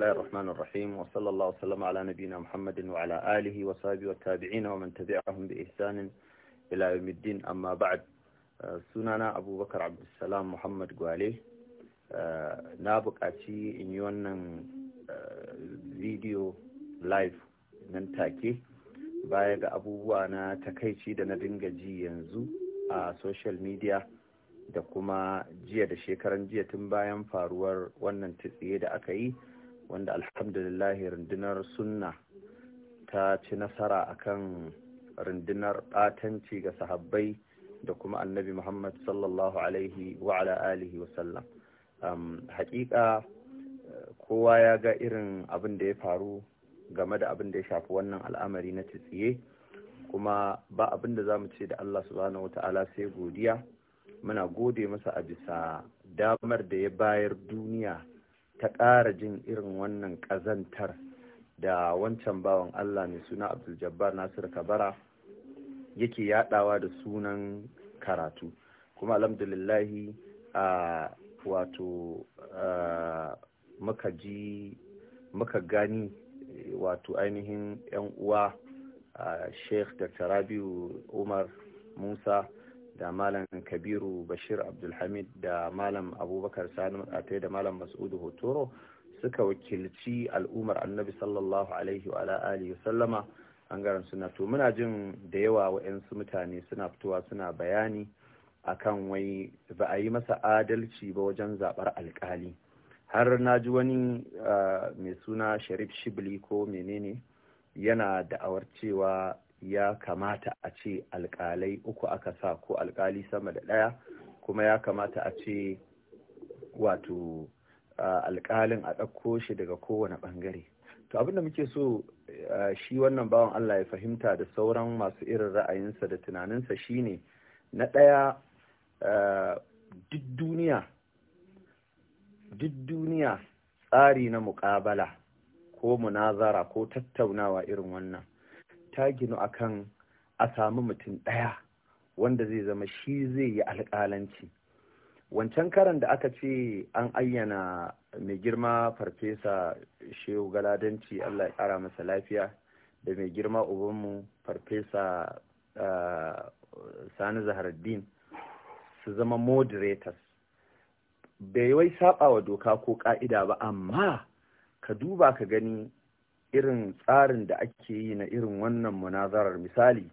الله الرحمن الرحيم وصلى الله وسلم على نبينا محمد وعلى آله وصحبه والتابعين ومن تبعهم بإحسان إلى يوم الدين أما بعد sunana abubakar abdulsalam muhammad gwale na bukaci in yi wannan video live nan take baya ga abubuwa na takaici da na dinga ji yanzu a social media da kuma jiya da shekaran jiya tun bayan faruwar wannan tsiye da aka yi wanda alhamdulillahi rundunar sunna ta ci nasara akan rundunar ɓatanci ga sahabbai da kuma annabi muhammad sallallahu alaihi wa ala alihi wasallam haƙiƙa eh, kowa ya ga irin abin da ya faru game da abin da ya shafi wannan al'amari na tsitsiye kuma ba abin da za mu ce da allah subhanahu wata'ala sai godiya muna gode masa a bisa damar da ya bayar duniya ta ƙara jin irin wannan ƙazantar da wancan bawan Allah mai suna Abdul Jabbar Nasir Kabara yake yadawa da sunan karatu kuma alhamdulillahi a wato muka ji muka gani wato ainihin 'yan uwa sheikh dr rabiu umar musa da malam kabiru bashir abdulhamid da malam abubakar sani matsatai da malam mas'udu hotoro suka wakilci al'ummar annabi sallallahu alaihi wa alihi sallama suna to muna jin da yawa wa'yansu mutane suna fitowa suna bayani akan wai ba a yi masa adalci ba wajen zaɓar alkali har na ji wani ah, mai suna sharif shibli ko menene yana da'awar cewa ya kamata a ce alƙalai uku aka sa ko alƙali sama da ɗaya kuma ya kamata a ce wato alƙalin a ɗauko shi daga kowane ɓangare to abinda muke so shi wannan bawan Allah ya fahimta da sauran masu irin ra'ayinsa da tunaninsa shine na ɗaya duk duniya duk duniya tsari na muƙabala ko munazara ko tattaunawa irin wannan ta ginu akan a samu mutum ɗaya wanda zai zama shi zai yi alƙalanci wancan karan da aka ce an ayyana mai girma farfesa shehu galadanci allah ya ƙara masa lafiya da mai girma ubanmu farfesa eh, sani zaharaddin su zama moderators bai wai saba wa doka ko ƙa'ida ba amma ka duba ka gani irin tsarin da ake yi na irin wannan munazarar misali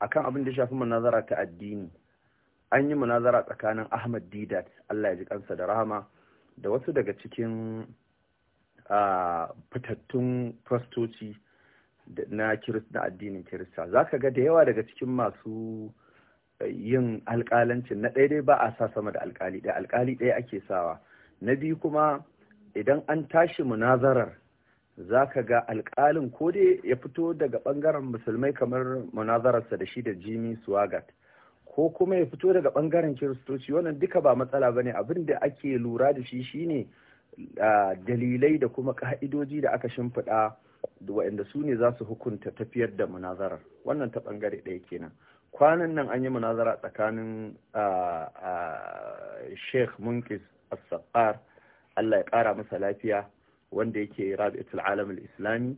akan abin da shafi munazara ta addini an yi munazara tsakanin ahmad didat allah ya ji kansa da rahama da wasu daga cikin fitattun fastoci na addinin kirista za ka ga da yawa daga cikin masu yin alkalancin na ɗaya ba a sa sama da alkali ɗaya alkali ɗaya ake sawa na biyu kuma idan an tashi munazarar za ka ga alƙalin ko dai ya fito daga ɓangaren musulmai kamar munazararsa da shi da jimi swagat ko kuma ya fito daga ɓangaren kiristoci wannan duka ba matsala ba ne abin da ake lura da shi shine dalilai da kuma ka'idoji da aka shimfiɗa waɗanda su ne za su hukunta tafiyar da munazarar wannan ta ɓangare ɗaya kenan kwanan nan an yi munazara tsakanin sheikh munkis as Allah ya ƙara masa lafiya wanda yake rabi'atul alam al-islami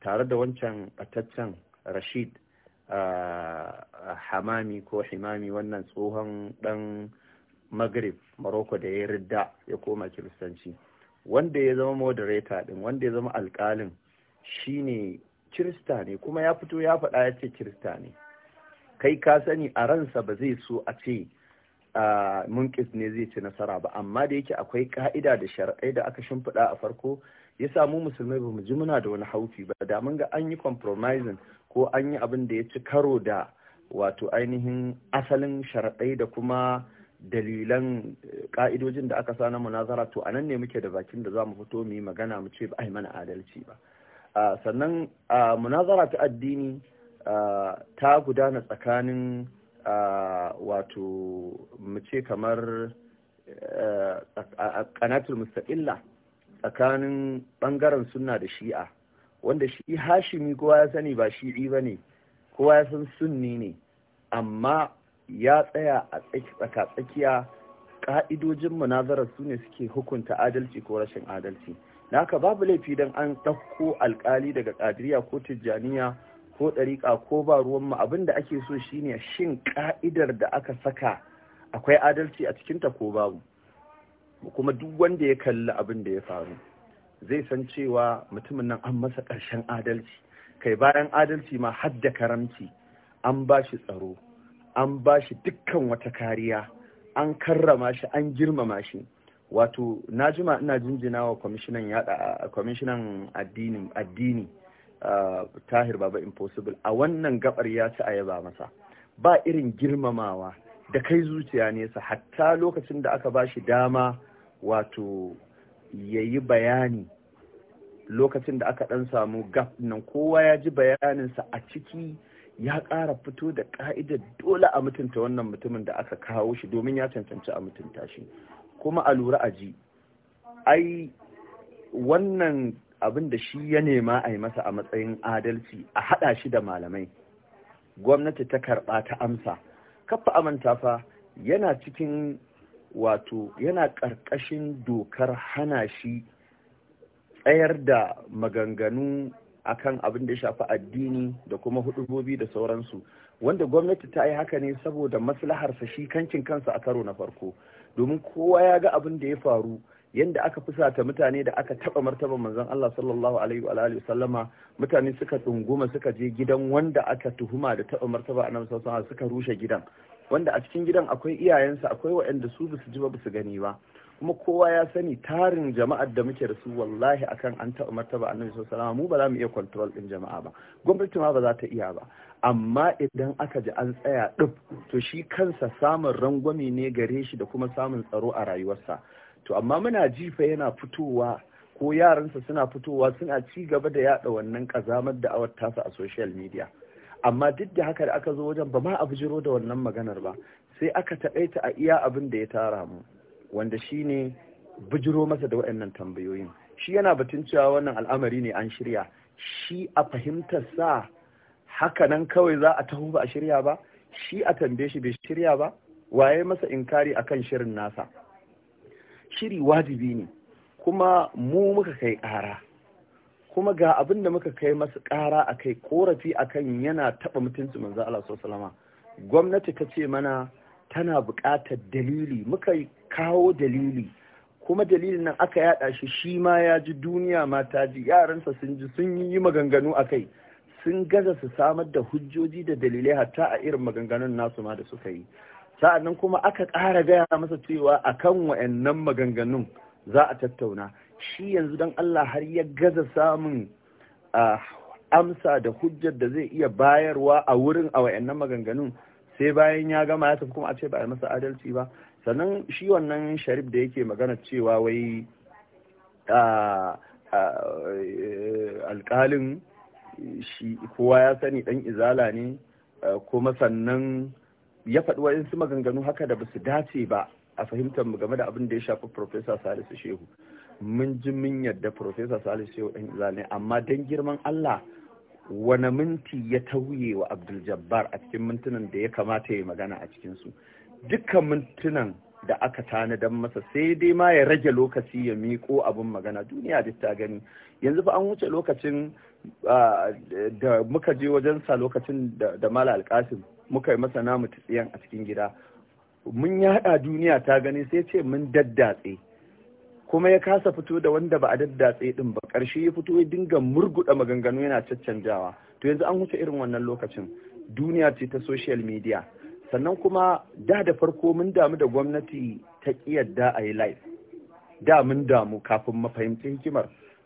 tare da wancan bataccen rashid hamami ko himami wannan tsohon dan maghrib maroko da ya ridda ya koma kiristanci wanda ya zama moderator din wanda ya zama alkalin shine kirista ne kuma ya fito ya faɗa ya ce kirista ne kai ka sani a ransa ba zai so a ce munkis ne zai ci nasara ba amma da yake akwai ka'ida da shar'ai da aka shimfiɗa a farko ya samu musulmai ba mu ji muna da wani haufi ba da mun ga an yi compromising ko an yi abin da ya ci karo da wato ainihin asalin sharaɗai da kuma dalilan ka'idojin eh, da aka sa na munazara to anan ne muke da bakin da za mu fito mu yi magana mu ce ba ai mana adalci ba sannan munazara ta addini ta gudana tsakanin wato mu ce kamar kanatul eh, mustaqilla tsakanin bangaren sunna da shi'a wanda shi hashimi kowa ya sani ba shi'i ba ne kowa ya san sunni ne amma ya tsaya a tsaka-tsakiya ƙa'idojin munazarar su ne suke hukunta adalci ko rashin adalci na haka babu laifi don an ɗauko alkali daga ƙadiriya ko tijjaniya ko ɗariƙa ko ba ruwan abin abinda ake so shine shin ƙa'idar da aka saka akwai adalci a cikinta ko babu kuma duk wanda ya kalli abin da ya faru zai san cewa mutumin nan an masa ƙarshen adalci kai bayan adalci ma har da karamci an ba shi tsaro an ba shi dukkan wata kariya an karrama shi an girmama shi wato na jima ina jinjina wa kwamishinan yada kwamishinan addini addini tahir baba impossible a wannan gabar ya ci ayaba masa ba irin girmamawa da kai zuciya nesa hatta lokacin da aka ba shi dama wato yayi bayani lokacin da aka ɗan samu gap nan kowa ya ji bayaninsa a ciki ya ƙara fito da ka'idar dole a mutunta wannan mutumin da aka kawo shi domin ya cancanci a mutunta shi kuma a lura a ji ai wannan abin da shi ya nema a yi masa a matsayin adalci a haɗa shi da malamai gwamnati ta karɓa ta amsa kafa amanta fa yana cikin wato yana ƙarƙashin dokar hana shi tsayar da maganganu akan abin da shafi addini da kuma hudubobi da sauransu wanda gwamnati ta yi haka ne saboda maslaharsa shi kancin kansa a karo na farko domin kowa ya ga abin da ya faru yadda aka fusata mutane da aka taba martaba manzon Allah sallallahu alaihi wa alihi mutane suka tsunguma suka je gidan wanda aka tuhuma da taba martaba annabi sallallahu alaihi suka rushe gidan wanda a cikin gidan akwai iyayensa akwai waɗanda su basu ji ba basu gani ba kuma kowa ya sani tarin jama'ar da muke da su wallahi akan an taɓa martaba annabi sallallahu mu ba za mu iya control din jama'a ba gwamnati ma ba za ta iya ba amma idan aka ji an tsaya duk to shi kansa samun rangwame ne gare shi da kuma samun tsaro a rayuwarsa to amma muna jifa yana fitowa ko yaransa suna fitowa suna ci gaba da yada wannan kazamar da awar tasa a social media amma duk da haka da aka zo wajen ba ma a bijiro da wannan maganar ba sai aka taƙaita a iya abin da ya tara mu wanda shine bijiro masa da waɗannan tambayoyin shi yana batun cewa wannan al'amari ne an shirya shi a fahimtar sa haka nan kawai za a taho ba a shirya ba shi a tambaye shi bai shirya ba waye masa inkari akan shirin nasa shiri wajibi ne kuma mu muka kai ƙara kuma ga abin da muka kai masu ƙara a kai korafi a kan yana taɓa mutunci manzo Allah sallama gwamnati ta ce mana tana buƙatar dalili muka kawo dalili kuma dalilin nan aka yaɗa shi shi ma ya ji duniya ma ta ji yaransa sun ji sun yi maganganu a kai sun gaza su samar da hujjoji da dalilai hatta a irin maganganun nasu ma da suka yi sa'annan kuma aka ƙara gaya masa cewa akan wa'annan maganganun za a tattauna shi yanzu don Allah har ya gaza samun amsa da hujjar da zai iya bayarwa a wurin a wayannan maganganun sai bayan ya gama ya tafi kuma a ce ba a masa adalci ba sannan shi wannan sharif da yake magana cewa wai alkalin shi kowa ya sani dan izala ne kuma sannan ya faɗi wa'insu maganganu haka da ba su dace ba a fahimtar mu game da abin da ya shafi Profesa Salisu Shehu. mun ji mun yadda profesa salisu shehu dan zane amma don girman allah wani minti ya tauye wa abdul jabbar a cikin mintunan da ya kamata ya yi magana a cikinsu dukkan mintunan da aka tani don masa sai dai ma ya rage lokaci ya miko abin magana duniya duk ta gani yanzu fa an wuce lokacin da muka je wajen sa lokacin da mala alkasim muka yi masa namu tsiyan a cikin gida mun yaɗa duniya ta gani sai ce mun daddatse kuma ya kasa fito da wanda ba a daddatse din ba karshe ya fito ya dinga murguɗa maganganu yana caccanjawa to yanzu an huce irin wannan lokacin duniya ce ta social media sannan kuma da da farko mun damu da gwamnati ta kiyarda a yi live da mun damu kafin mafahimci hikimar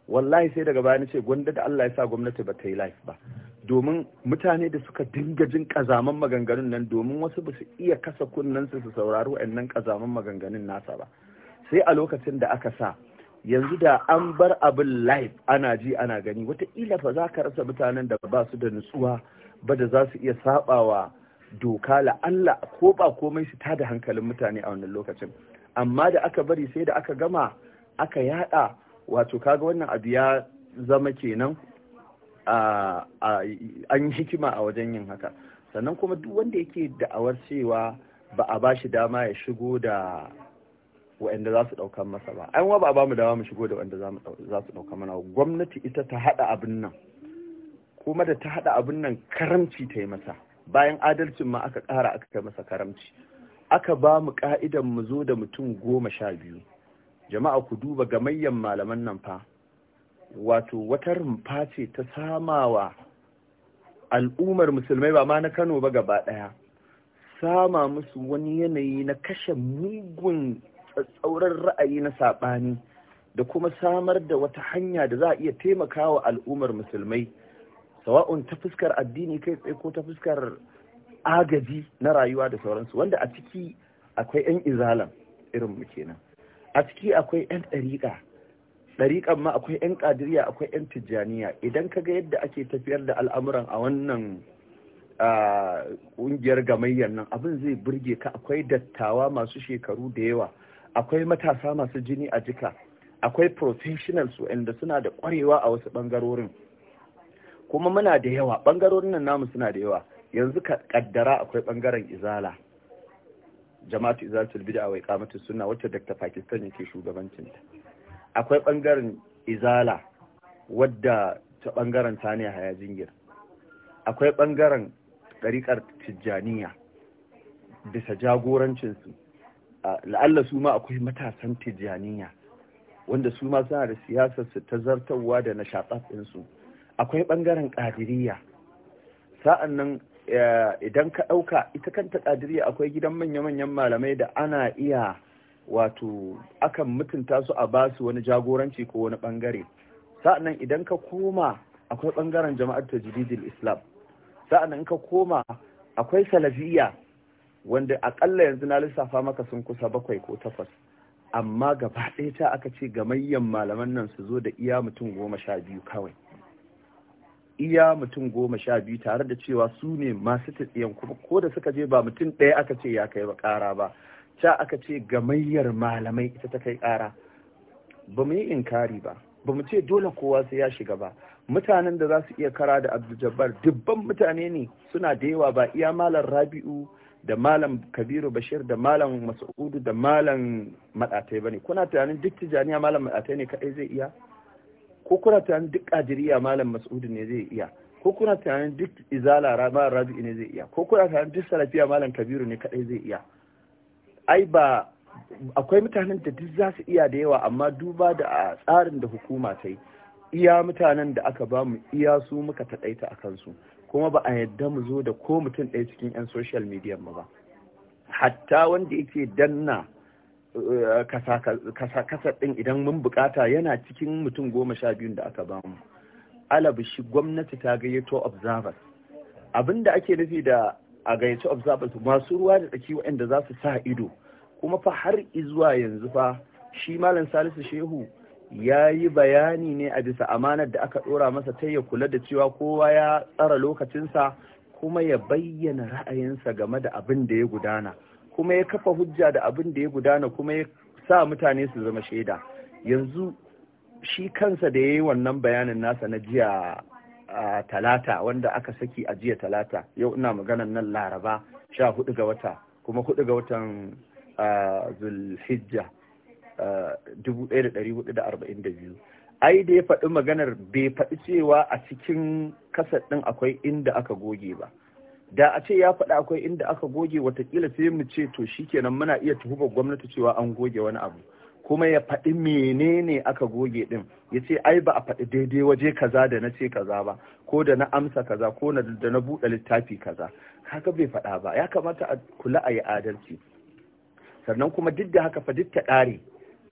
wallahi sai daga baya ce gwanda da Allah ya sa gwamnati ba ta yi live ba domin mutane da suka dinga jin kazaman maganganun nan domin wasu ba su iya kasa kunnen su su saurari wa'annan kazaman maganganun nasa ba sai a lokacin da aka sa yanzu da an bar abin live ana ji ana gani wataƙila fa za ka rasa mutanen da ba su da nutsuwa ba da za su iya sabawa doka la'alla ko ba komai su ta da hankalin mutane a wannan lokacin amma da aka bari sai da aka gama aka yada wato kaga wannan abu ya zama kenan an yi hikima a wajen yin haka sannan kuma duk wanda yake da'awar cewa ba a ba shi dama ya shigo da waɗanda za su ɗauka masa ba an wa ba ba mu dawa mu shigo da waɗanda za su ɗauka mana gwamnati ita ta haɗa abin nan kuma da ta haɗa abin nan karamci ta yi masa bayan adalcin ma aka ƙara aka kai masa karamci aka ba mu ƙa'idan mu zo da mutum goma sha biyu jama'a ku duba gamayyan malaman nan fa wato wata rumfa ce ta samawa al'ummar musulmai ba ma na kano ba gaba ɗaya sama musu wani yanayi na kashe mugun tsatsauran ra'ayi na saɓani da kuma samar da wata hanya da za a iya taimakawa al'ummar musulmai sawa'un ta fuskar addini kai tsaye ko ta fuskar agaji na rayuwa da sauransu wanda a ciki akwai 'yan izalan irin mu kenan a ciki akwai 'yan ɗariƙa ɗariƙan ma akwai 'yan ƙadiriya akwai 'yan tijjaniya idan ka ga yadda ake tafiyar da al'amuran a wannan ƙungiyar gamayyar nan abin zai burge ka akwai dattawa masu shekaru da yawa akwai matasa masu jini a jika akwai professionals wanda suna da kwarewa a wasu bangarorin kuma muna da yawa bangarorin nan namu suna da yawa yanzu ka kaddara akwai bangaren izala jama'atu izalatul bid'a wa iqamatus sunna wacce Dr. Pakistan yake ta akwai bangaren izala wadda ta bangaren taniya Haya Jingir akwai bangaren ɗariƙar Tijjaniya bisa jagorancinsu la'alla su ma akwai matasan tijjaniya wanda su ma suna da su ta zartarwa da na su akwai ɓangaren ƙadiriya sa'an nan idan ka ɗauka ita kanta ƙadiriya akwai gidan manya-manyan malamai da ana iya wato akan mutunta su a basu wani jagoranci ko wani ɓangare sa'an nan idan ka koma akwai ɓangaren jama'ar ta tajididil islam sa'an nan ka koma akwai salafiyya wanda akalla yanzu na lissafa maka sun kusa bakwai ko takwas amma gaba ɗaya ta aka ce gamayyan malaman nan su zo da iya mutum goma sha biyu kawai iya mutum goma sha biyu tare da cewa su ne masu tatsiyan kuma ko da suka je ba mutum ɗaya aka ce ya kai ba ƙara ba ta aka ce gamayyar malamai ita ta kai ƙara ba mu yi inkari ba ba mu ce dole kowa sai ya shiga ba mutanen da za su iya kara da abdul dubban mutane ne suna da yawa ba iya Malam rabi'u da malam kabiru bashir da malam mas'udu da malam maɗatai ba ne kuna tunanin duk tijaniya malam maɗatai ne kaɗai zai iya ko kuna tunanin duk ƙadiriya malam mas'udu ne zai iya ko kuna tunanin duk izala malam rabi'u ne zai iya ko kuna tunanin duk salafiya malam kabiru ne kaɗai zai iya ai ba akwai mutanen da duk za su iya da yawa amma duba da a tsarin da hukuma ta yi iya mutanen da aka ba mu iya su muka taɗaita a kansu kuma ba a yadda mu zo da ko mutum ɗaya cikin 'yan social media mu ba hatta wanda yake danna eh, kasa ɗin idan mun bukata yana cikin mutum goma sha biyun da aka bamu mu shi gwamnati ta gayyato observers abinda ake nufi da a gayyato observers masu ruwa da tsaki waɗanda za su sa ido kuma fa har izuwa yanzu fa shi malam salisu shehu ya yi bayani ne a bisa amanar da aka ɗora masa ta ya kula da cewa kowa ya tsara lokacinsa kuma ya bayyana ra'ayinsa game da abin da ya gudana kuma ya kafa hujja da abin da ya gudana kuma ya sa mutane su zama shaida yanzu shi kansa da ya yi wannan bayanin nasa na jiya a talata wanda aka saki a jiya talata yau ina maganan nan laraba sha hudu ga wata kuma hudu ga watan zulhijja 1442 ai da ya faɗi maganar bai faɗi cewa a cikin kasar ɗin akwai inda aka goge ba da a ce ya faɗi akwai inda aka goge watakila sai mu ce to shikenan muna iya tuhumar gwamnati cewa an goge wani abu kuma ya faɗi menene aka goge ɗin ya ce ai ba a faɗi daidai waje kaza da na ce kaza ba ko da na amsa kaza ko da na buɗe littafi kaza haka bai faɗa ba ya kamata a kula a yi adalci sannan kuma duk da haka fa duk ta ɗare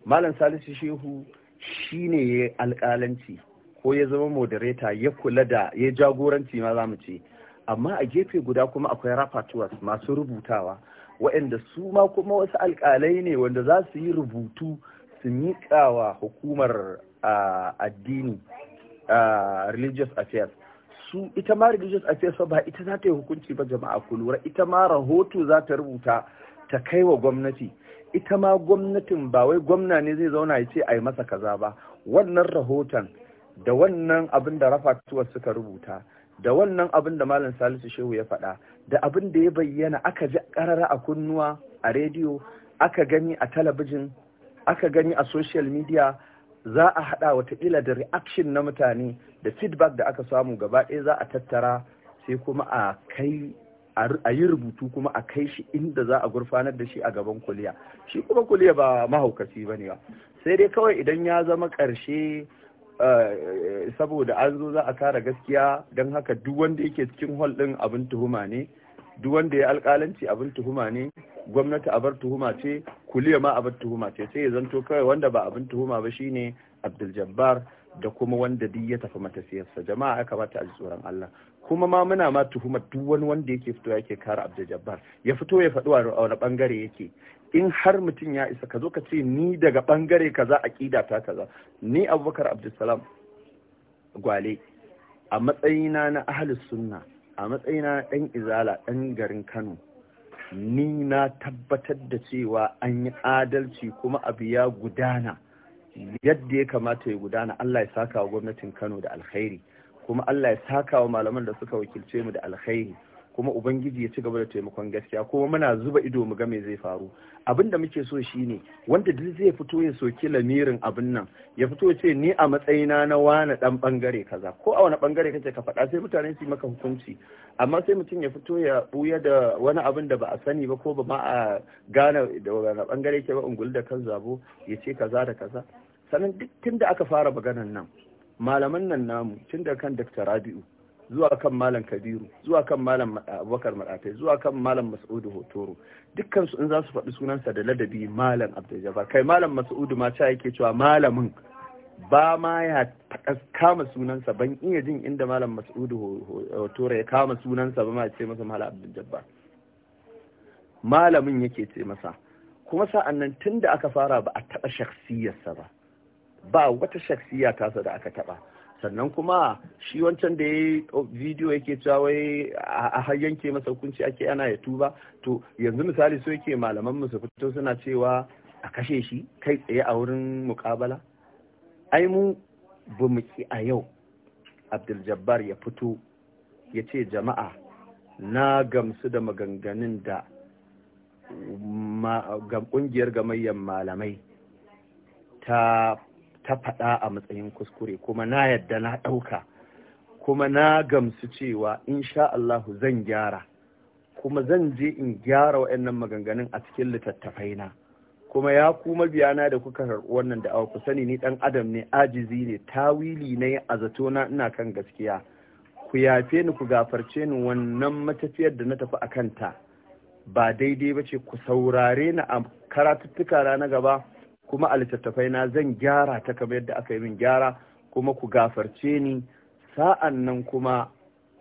malam salisu shehu shi ne ya alƙalanci ko ya zama moderator ya kula da ya jagoranci ma zamu ce amma a gefe guda kuma akwai rapatuwas masu rubutawa waɗanda su ma kuma wasu alƙalai ne wanda za su yi rubutu su miƙawa hukumar addini religious affairs su ita ma religious affairs ba ita za ta yi hukunci ba jama'a ku lura ita ma rahoto za ta rubuta ta kai wa gwamnati ita ma gwamnatin ba wai gwamna ne zai zauna ya ce a yi masa kaza ba wannan rahoton da wannan abin da rafatuwar suka rubuta da wannan abin da malam salisu shehu ya faɗa da abin da ya bayyana aka ji karara a kunnuwa a rediyo aka gani a talabijin aka gani a social media za a haɗa watakila da reaction na mutane da feedback da aka samu gaba ɗaya za a tattara sai kuma a kai a yi rubutu kuma a kai shi inda za a gurfanar da shi a gaban kuliya shi kuma kuliya ba mahaukaci ba ne ba sai dai kawai idan ya zama ƙarshe eh, eh, saboda an zo za a kara gaskiya don haka duk wanda yake cikin hall ɗin abin tuhuma ne duk wanda ya alƙalanci abin tuhuma ne gwamnati abar tuhuma ce kuliya ma abar tuhuma ce sai ya zanto kawai wanda ba abin tuhuma ba shine abdul jabbar da kuma wanda duk ya tafi siyarsa. jama'a ya kamata a tsoron Allah kuma ma muna ma tuhumar duk wani wanda yake fito yake kare Abdul Jabbar ya fito ya faɗi a wani bangare yake in har mutum ya isa ka zo ka ce ni daga bangare kaza aqida ta kaza ni Abubakar Salam gwale a matsayina na ahlus sunna a matsayina na dan izala dan garin Kano ni na tabbatar da cewa an yi adalci kuma abu ya gudana yadda ya kamata ya gudana Allah ya saka wa gwamnatin Kano da alkhairi kuma Allah ya saka wa malaman da suka wakilce mu da alkhairi kuma ubangiji ya ci gaba da taimakon gaskiya kuma muna zuba ido mu ga me zai faru abin da muke so shine wanda duk zai fito ya soki lamirin abin nan ya fito ce ni a matsayina na wani dan bangare kaza ko a wani bangare kace ka faɗa sai mutane su maka hukunci amma sai mutum ya fito ya buya da wani abin da ba a sani ba ko ba ma a gane da wani bangare ke ba ungul da kan zabo ya ce kaza da kaza sannan duk tun da aka fara maganan nan malaman nan namu tun da kan Dr. Rabi'u zuwa kan malam Kabiru zuwa kan malam Abubakar maratai zuwa kan malam Mas'udu Hotoro dukkansu in za su faɗi sunansa da ladabi malam Abdul kai malam Mas'udu ma ta yake cewa malamin ba ma ya kama sunansa ban iya jin inda malam Mas'udu Hotoro ya kama sunansa ba ma ce masa malam Abdul malamin yake ce masa kuma sa'annan tun da aka fara ba a taɓa shaksiyarsa ba ba wata shaksiya tasa da aka taba sannan kuma shi wancan da ya yi yake cewa wai a har yanke masa hukunci ake ana ya tuba to yanzu misali so yake malaman mu su fito suna cewa a kashe shi kai tsaye a wurin mukabala ai mu ba mu ki a yau abdul ya fito ya ce jama'a na gamsu da maganganun da ƙungiyar gamayyar malamai ta ta faɗa a matsayin kuskure kuma na yadda na ɗauka kuma na gamsu cewa insha Allahu zan gyara kuma zan je in gyara waɗannan maganganun a cikin littattafai na kuma ya ku mabiyana da kuka wannan da ku sani ni ɗan adam ne ajizi ne tawili ne a zato na ina kan gaskiya ku yafe ni ku gafarce ni wannan matafiyar da na tafi a kanta ba daidai bace ku saurare ni a karatuttuka na gaba kuma a littattafai na zan gyara ta kamar yadda aka yi min gyara kuma ku gafarce ni sa'an nan kuma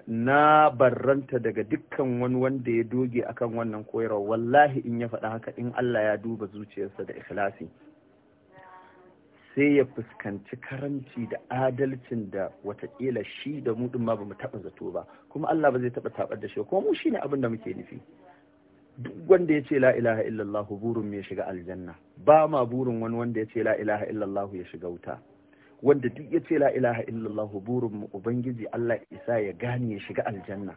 na barranta daga dukkan wani wanda ya doge akan wannan koyarwa wallahi in ya faɗa haka in Allah ya duba zuciyarsa da ikhlasi sai ya fuskanci karanci da adalcin da watakila shi da mu ma ba mu taɓa zato ba kuma Allah ba zai taɓa taɓar da shi kuma mu shine abin da muke nufi duk wanda ya ce la'ilaha illallahu burin ya shiga aljanna ba ma burin wani wanda ya ce la'ilaha illallahu ya shiga wuta wanda duk ya ce la'ilaha illallahu burin ubangiji Allah isa ya gane ya shiga aljanna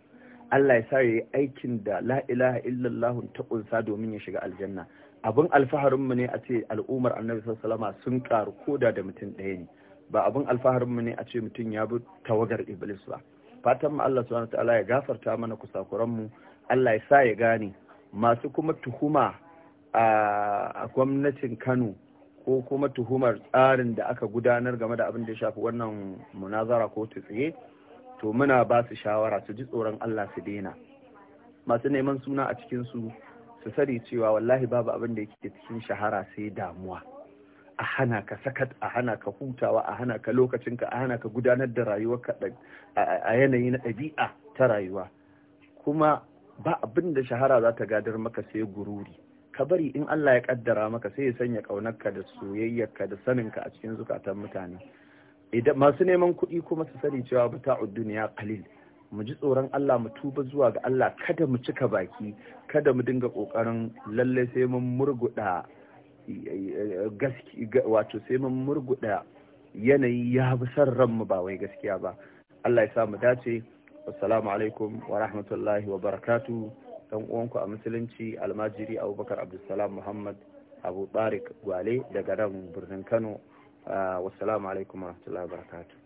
Allah ya sa ya yi aikin da la'ilaha illallahu ta ƙunsa domin ya shiga aljanna abin alfaharinmu ne a ce al'ummar annabi sallallahu sun karu koda da mutum ɗaya ne ba abin alfaharin mu ne a ce mutum ya bi tawagar iblis ba fatan mu Allah subhanahu wa ta'ala ya gafarta mana kusakuran mu Allah ya sa ya gane masu kuma tuhuma a gwamnatin kano ko kuma tuhumar tsarin da aka gudanar game da abin da ya shafi wannan munazara ko tsaye to muna ba su shawara su ji tsoron allah su daina masu neman suna a cikinsu su sani cewa wallahi babu abin da yake cikin shahara sai damuwa a hana ka sakat a hana ka hutawa a hana ka lokacinka a hana ka gudanar da rayuwarka a yanayi na ɗabi'a ta rayuwa kuma ba abin da shahara za ta gadar maka sai gururi ka bari in Allah ya kaddara maka sai ya sanya kaunarka da soyayyarka da saninka a cikin zukatan mutane idan masu neman kuɗi kuma su sani cewa bata'ud duniya qalil mu ji tsoron Allah mu tuba zuwa ga Allah kada mu cika baki kada mu dinga kokarin lalle sai mun murguda eh, eh, eh, gaski wato sai mun murguda yanayi ya bi san mu ba wai gaskiya ba Allah ya sa mu dace assalamu alaikum wa rahmatullahi wa barakatu dan uwanku a musulunci almajiri abubakar abdulsalam muhammad abu Barik gwale daga nan birnin kano ah, wassalamu alaikum wa rahmatullahi wa barakatu